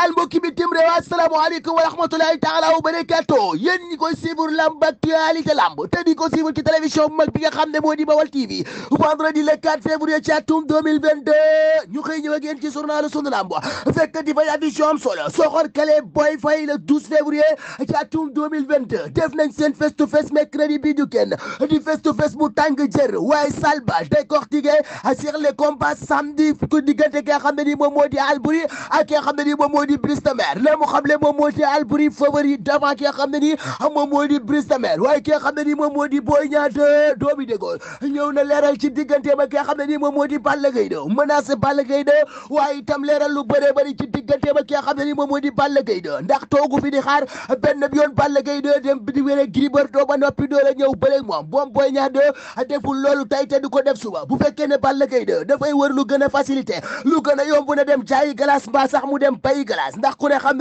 Sénégal mbokki bitim réew asalaamaaleykum wa rahmatulahi taala wa barakato yéen ñi koy suivre lamb actualité lamb te di ko suivre ci télévision bu mag bi nga xam ne moo di Bawal TV vendredi le 4 février ci atum 2022 ñu xëy ñëw ak yéen ci journalu sunu lamb fekk di fay addition am solo soxor kale boy fay le 12 février ci atum 2022 def nañ seen face to face mercredi bi du kenn di face to face bu tàng jër waaye salba décortiqué sur les combats samedi ku diggante ki nga xam ne ni moom moo di Albury ak ki nga xam ne ni moom moo di di Brise de Mer la mu xam le moom moo di Albouri favori devant ki nga waaye ki xam ne nii moom moo di Boy Niang doomi déggoo ñëw na leeral ci digganteem ak ki xam ne nii moom moo di Balla Gaye de menace Balla Gaye de lu bëree bëri ci digganteem ak ki xam ne moom moo di Balla Gaye de ndax toogu fi di xaar benn yoon Balla Gaye de dem di wér ak Gris ba noppi doo la ñëw bëre moom boom Boy Niang deful loolu tey te du ko def suba bu fekkee ne Balla Gaye de dafay wër lu gën a facilité lu gën a yomb na dem jaayi glace mbaa sax mu dem bayi glace place ndax ku ne xam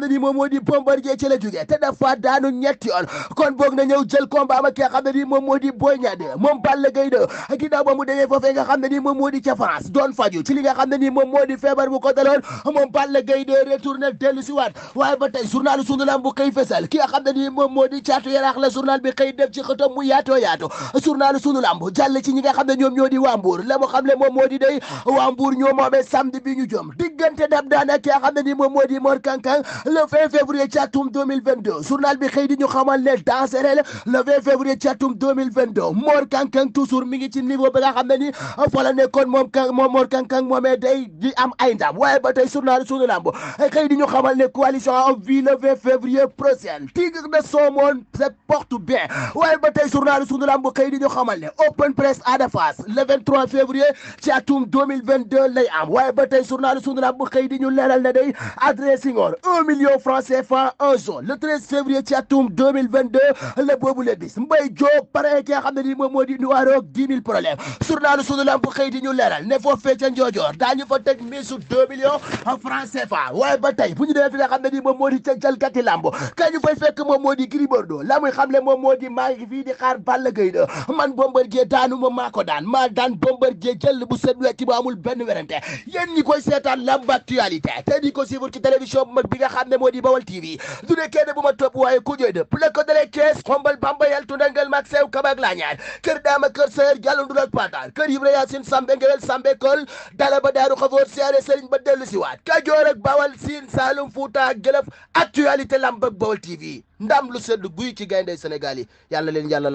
ne ni moom moo di Bombardier ci la te dafa daanu ñetti yoon kon boog na ñëw jël combat ma ki nga xam ni moom moo di Boy moom Balla Gaye 2 ginnaaw ba mu demee foofee nga ni moom moo di doon faju ci li nga ni moom moo feebar bu ko daloon moom Balla Gaye 2 retourné dellu si waaye ba tey journal sunu lamb bu la ci ñi nga xam ñoom ñoo di waa la mu xam ne moom moo di day waa ñoo moomee samedi bi diggante Dab Daan ak xam ne ni moom moo di Mor Kang Kang le 20 février ci atum 2022 journal bi xëy di ñu xamal ne dans réel xam ne ni fa la moom kan day di am ay ndam waaye ba tey journal suñu lamb di ñu xamal ne coalition en vie la face le 23 lay am waaye ba tey journal làmb xëy di ñu leeral ne day Adrien Senghor un million franc CFA un zone le treize février ci atum la boobu le bis Mbaye pare ki xam ne nii moom moo di nuwaaroog dix mille problème journalu sunu làmb xëy di ñu leeral ne foofu fee ca Ndiojoor daañu fa teg misu deux millions franc CFA waaye ba tey bu ñu demee fi nga xam ne nii moom moo di ca jalgati làmb ka ñu fay fekk moom moo di Gris Bordeaux la muy xamle moom moo di maa ngi fii di xaar Balla Gaye da man Bombardier ma maa ko làmb actualité te di ko suivre ci télévision bu bi nga xam ne moo di Bawal TV du ne kenn bu ma topp waaye ku joy dëpp la ko dalee Kees xombal bamba yal tundangal mag sew kabak laa kër daama kër sër jàllu ndul ak patar kër Ibra Yaasin sambe ngewel sambe kol dala ba daaru xafoor siyaare sëriñ ba dellu si waat Kajoor ak Bawal Siin Saalum Fuuta ak Jolof actualité làmb ak Bawal TV ndam lu sedd guy ci gaynde Sénégal yi leen yàlla